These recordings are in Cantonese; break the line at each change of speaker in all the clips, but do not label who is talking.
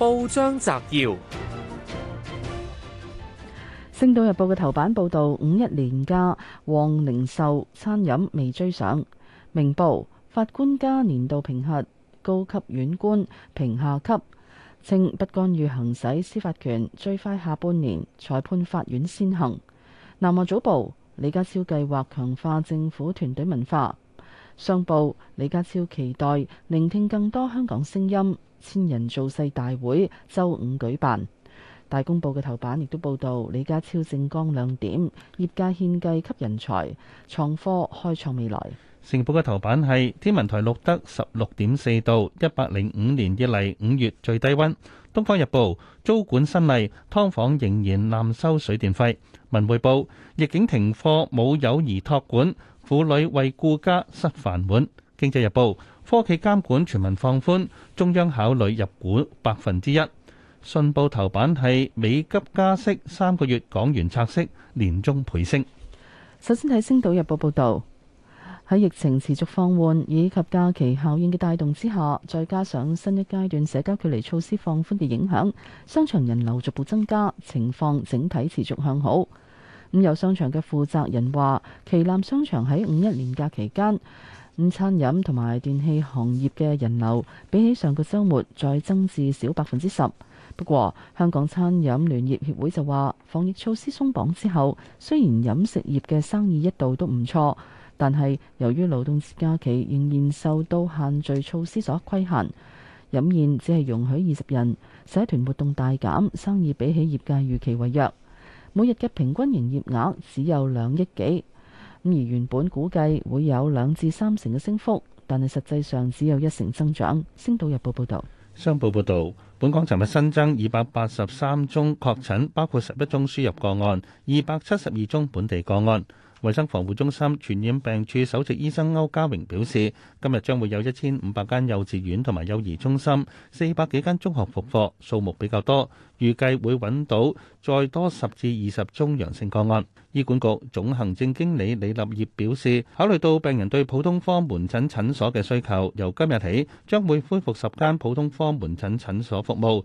報章摘要：《星島日報》嘅頭版報道五一年假旺零售餐飲未追上。《明報》法官加年度評核，高級院官評下級，稱不干預行使司法權，最快下半年裁判法院先行。《南華早報》李家超計劃強化政府團隊文化。《商報》李家超期待聆聽更多香港聲音。千人造勢大會周五舉辦，大公報嘅頭版亦都報道李家超政綱亮點，業界獻計吸人才，創科開創未來。
《成報》嘅頭版係天文台錄得十六點四度，一百零五年以嚟五月最低溫。《東方日報》租管新例，劏房仍然濫收水電費。《文匯報》逆境停課冇幼兒托管，婦女為顧家失飯碗。《經濟日報》科技監管全民放寬，中央考慮入股百分之一。信報頭版係美急加息三個月，港元拆息年中倍升。
首先睇《星島日報》報道，喺疫情持續放緩以及假期效應嘅帶動之下，再加上新一階段社交距離措施放寬嘅影響，商場人流逐步增加，情況整體持續向好。咁、嗯、有商場嘅負責人話：，旗艦商場喺五一連假期間。午餐飲同埋電器行業嘅人流，比起上個週末再增至少百分之十。不過，香港餐飲聯業協會就話，防疫措施鬆綁之後，雖然飲食業嘅生意一度都唔錯，但係由於勞動節假期仍然受到限聚措施所規限，飲宴只係容許二十人，社團活動大減，生意比起業界預期為弱，每日嘅平均營業額只有兩億幾。咁而原本估計會有兩至三成嘅升幅，但係實際上只有一成增長。星島日報報道，
商報報道，本港尋日新增二百八十三宗確診，包括十一宗輸入個案，二百七十二宗本地個案。衛生防護中心傳染病處首席醫生歐家榮表示，今日將會有一千五百間幼稚園同埋幼兒中心、四百幾間中學復課，數目比較多，預計會搵到再多十至二十宗陽性個案。醫管局總行政經理李立業表示，考慮到病人對普通科門診診所嘅需求，由今日起將會恢復十間普通科門診診所服務。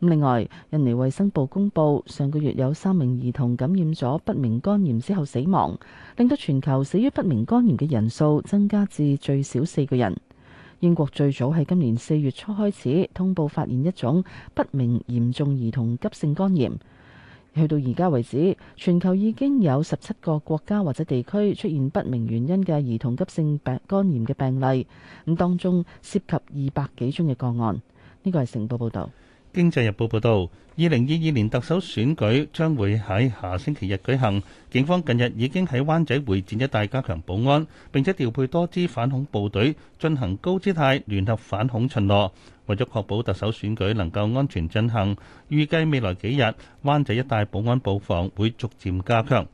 另外，印尼衛生部公布，上個月有三名兒童感染咗不明肝炎之後死亡，令到全球死於不明肝炎嘅人數增加至最少四個人。英國最早喺今年四月初開始通報發現一種不明嚴重兒童急性肝炎，去到而家為止，全球已經有十七個國家或者地區出現不明原因嘅兒童急性病肝炎嘅病例，咁當中涉及二百幾宗嘅個案。呢個係成報報道。
經濟日報報導，二零二二年特首選舉將會喺下星期日舉行。警方近日已經喺灣仔會展一帶加強保安，並且調配多支反恐部隊進行高姿態聯合反恐巡邏，為咗確保特首選舉能夠安全進行，預計未來幾日灣仔一帶保安布防會逐漸加強。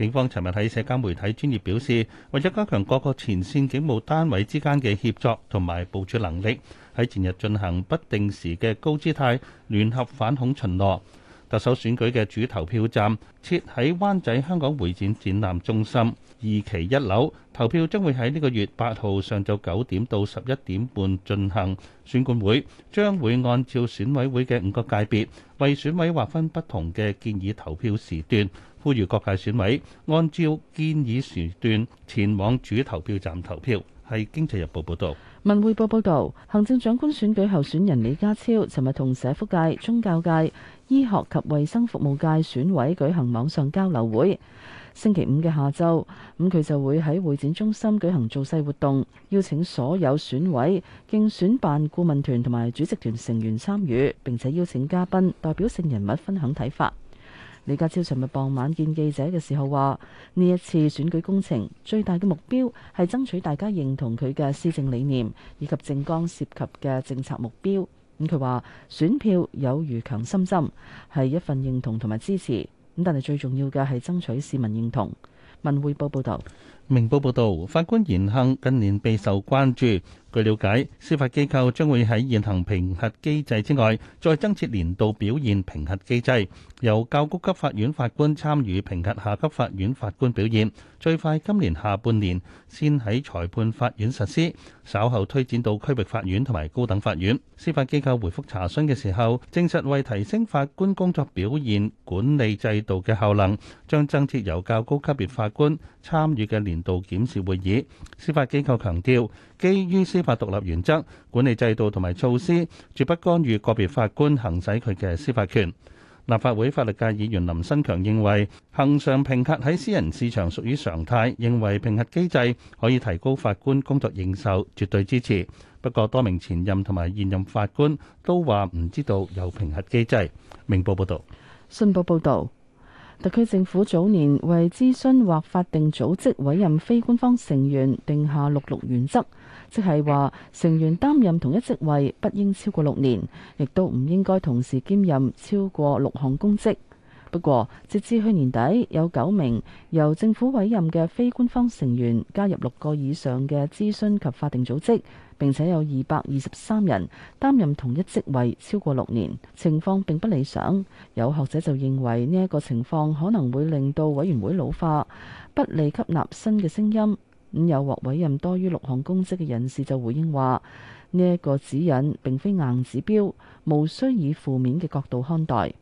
警方尋日喺社交媒體專頁表示，為咗加強各個前線警務單位之間嘅協作同埋部署能力，喺前日進行不定時嘅高姿態聯合反恐巡邏。特首選舉嘅主投票站設喺灣仔香港會展展覽中心。二期一樓投票將會喺呢個月八號上晝九點到十一點半進行。選管會將會按照選委會嘅五個界別，為選委劃分不同嘅建議投票時段，呼籲各界選委按照建議時段前往主投票站投票。係《經濟日報》報導，
《文匯報》報導，行政長官選舉候選人李家超，尋日同社福界、宗教界、醫學及衛生服務界選委舉行網上交流會。星期五嘅下晝，咁、嗯、佢就會喺會展中心舉行造勢活動，邀請所有選委、競選辦顧問團同埋主席團成員參與，並且邀請嘉賓代表性人物分享睇法。李家超尋日傍晚見記者嘅時候話：呢一次選舉工程最大嘅目標係爭取大家認同佢嘅施政理念以及政綱涉及嘅政策目標。咁佢話選票有如強心針，係一份認同同埋支持。咁但係最重要嘅係爭取市民認同。文匯報報道，
明報報道，法官言行近年備受關注。據了解，司法機構將會喺現行評核機制之外，再增設年度表現評核機制，由較高級法院法官參與評核下級法院法官表現。最快今年下半年先喺裁判法院實施，稍後推展到區域法院同埋高等法院。司法機構回覆查詢嘅時候，證實為提升法官工作表現管理制度嘅效能，將增設由較高級別法官參與嘅年度檢視會議。司法機構強調，基於司法獨立原則、管理制度同埋措施，絕不干預個別法官行使佢嘅司法權。立法會法律界議員林新強認為，恆常評核喺私人市場屬於常態，認為評核機制可以提高法官工作認受，絕對支持。不過，多名前任同埋現任法官都話唔知道有評核機制。明報報導。
信報報導，特區政府早年為諮詢或法定組織委任非官方成員，定下六六原則。即係話，成員擔任同一職位不應超過六年，亦都唔應該同時兼任超過六項公職。不過，截至去年底，有九名由政府委任嘅非官方成員加入六個以上嘅諮詢及法定組織，並且有二百二十三人擔任同一職位超過六年，情況並不理想。有學者就認為呢一個情況可能會令到委員會老化，不利吸納新嘅聲音。咁有獲委任多於六項公職嘅人士就回應話：呢一個指引並非硬指標，無需以負面嘅角度看待。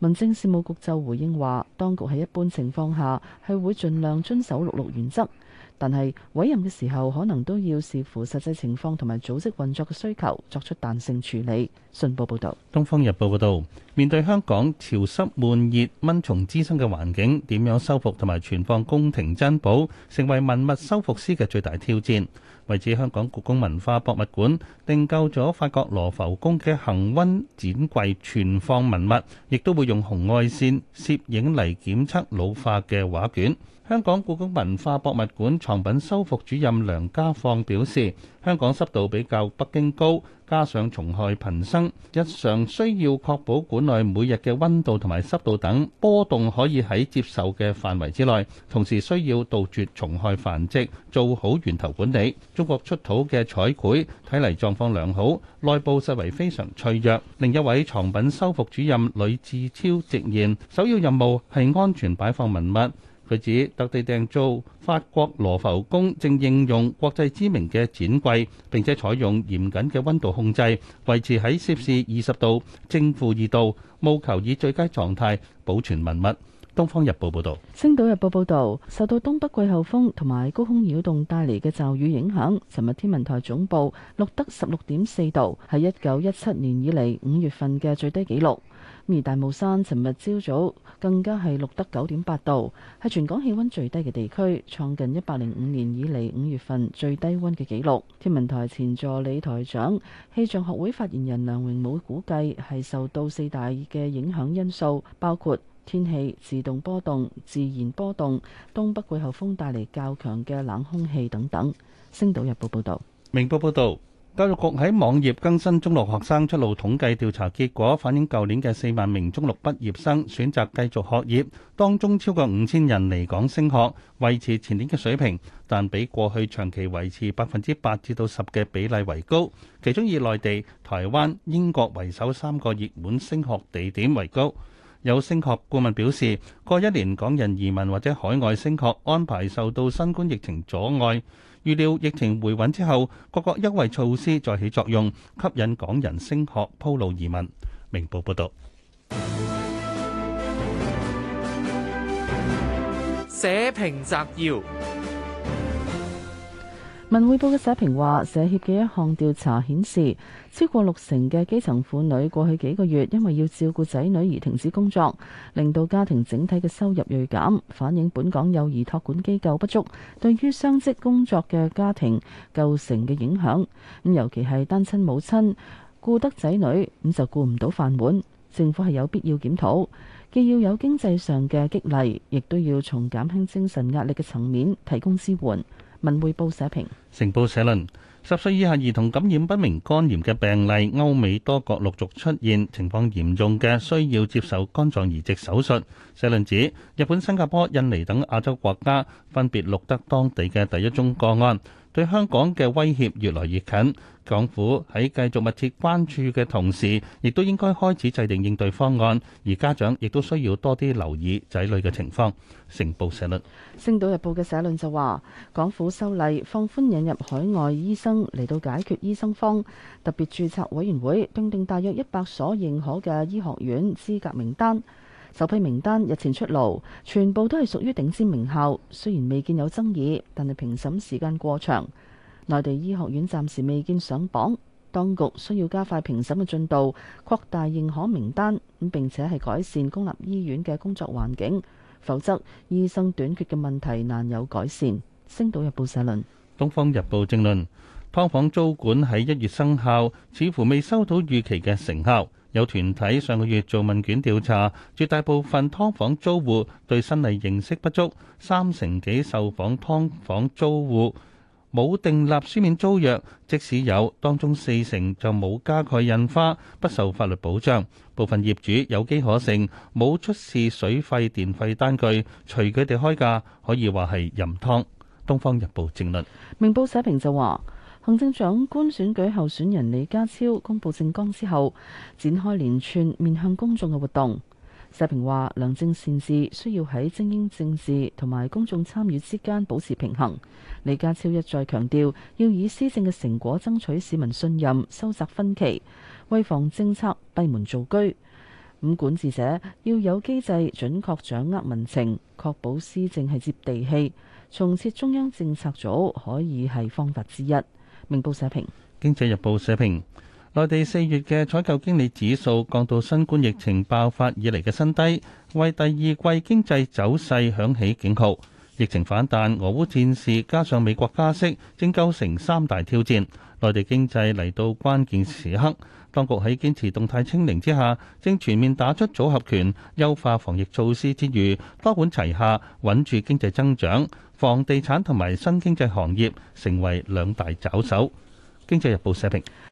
民政事務局就回應話：當局喺一般情況下係會盡量遵守六六原則。但係委任嘅時候，可能都要視乎實際情況同埋組織運作嘅需求，作出彈性處理。信報報導，《
東方日報》報導，面對香港潮濕悶熱、蚊蟲滋生嘅環境，點樣修復同埋存放宮廷珍寶，成為文物修復師嘅最大挑戰。為此，香港故宮文化博物館訂購咗法國羅浮宮嘅恒温展櫃存放文物，亦都會用紅外線攝影嚟檢測老化嘅畫卷。香港故宮文化博物館藏品修復主任梁家放表示，香港濕度比較北京高，加上蟲害頻生，日常需要確保館內每日嘅溫度同埋濕度等波動可以喺接受嘅範圍之內，同時需要杜絕蟲害繁殖，做好源頭管理。中國出土嘅彩繪睇嚟狀況良好，內部實為非常脆弱。另一位藏品修復主任李志超直言，首要任務係安全擺放文物。佢指特地訂造法國羅浮宮正應用國際知名嘅展櫃，並且採用嚴謹嘅溫度控制，維持喺攝氏二十度正負二度，務求以最佳狀態保存文物。《東方日報》報道。
《星島日報》報道，受到東北季候風同埋高空擾動帶嚟嘅驟雨影響，尋日天文台總部錄得十六點四度，係一九一七年以嚟五月份嘅最低紀錄。而大帽山尋日朝早，早更加係錄得九點八度，係全港氣温最低嘅地區，創近一百零五年以嚟五月份最低温嘅紀錄。天文台前助理台長、氣象學會發言人梁榮武估計係受到四大嘅影響因素，包括天氣自動波動、自然波動、東北季候風帶嚟較強嘅冷空氣等等。星島日報報道。
明報報導。教育局喺網頁更新中六學生出路統計調查結果，反映舊年嘅四萬名中六畢業生選擇繼續學業，當中超過五千人離港升學，維持前年嘅水平，但比過去長期維持百分之八至到十嘅比例為高。其中以內地、台灣、英國為首三個熱門升學地點為高。有升學顧問表示，過一年港人移民或者海外升學安排受到新冠疫情阻礙。預料疫情回穩之後，各國優惠措施再起作用，吸引港人升學、鋪路移民。明報報導：社評摘要。
文匯報嘅社評話，社協嘅一項調查顯示，超過六成嘅基層婦女過去幾個月因為要照顧仔女而停止工作，令到家庭整體嘅收入銳減，反映本港幼兒托管機構不足，對於雙職工作嘅家庭構成嘅影響。咁尤其係單親母親顧得仔女，咁就顧唔到飯碗。政府係有必要檢討，既要有經濟上嘅激勵，亦都要從減輕精神壓力嘅層面提供支援。文匯報社評，
成報社論：十歲以下兒童感染不明肝炎嘅病例，歐美多國陸續出現，情況嚴重嘅需要接受肝臟移植手術。社論指，日本、新加坡、印尼等亞洲國家分別錄得當地嘅第一宗個案。對香港嘅威脅越來越近，港府喺繼續密切關注嘅同時，亦都應該開始制定應對方案。而家長亦都需要多啲留意仔女嘅情況。成報社論。
《星島日報》嘅社論就話，港府修例放寬引入海外醫生嚟到解決醫生荒，特別註冊委員會訂定大約一百所認可嘅醫學院資格名單。首批名單日前出爐，全部都係屬於頂尖名校。雖然未見有爭議，但係評審時間過長，內地醫學院暫時未見上榜，當局需要加快評審嘅進度，擴大認可名單，咁，並且係改善公立醫院嘅工作環境，否則醫生短缺嘅問題難有改善。星島日報社論，
東方日報正論，劏房租管喺一月生效，似乎未收到預期嘅成效。有團體上個月做問卷調查，絕大部分劏房租戶對新例認識不足，三成幾受訪劏房租戶冇訂立書面租約，即使有，當中四成就冇加蓋印花，不受法律保障。部分業主有機可乘，冇出示水費電費單據，隨佢哋開價，可以話係任劏。《東方日報》正論，
明報社評就話。行政長官選舉候選人李家超公布政綱之後，展開連串面向公眾嘅活動。社評話，良政善治需要喺精英政治同埋公眾參與之間保持平衡。李家超一再強調，要以施政嘅成果爭取市民信任，收窄分歧，為防政策閉門造車。咁管治者要有機制，準確掌握民情，確保施政係接地氣。重設中央政策組可以係方法之一。明報社評，
《經濟日報》社評：內地四月嘅採購經理指數降到新冠疫情爆發以嚟嘅新低，為第二季經濟走勢響起警號。疫情反彈、俄烏戰事加上美國加息，正構成三大挑戰。內地經濟嚟到關鍵時刻，當局喺堅持動態清零之下，正全面打出組合拳，優化防疫措施之餘，多管齊下，穩住經濟增長。房地產同埋新經濟行業成為兩大抓手，《經濟日報》社評。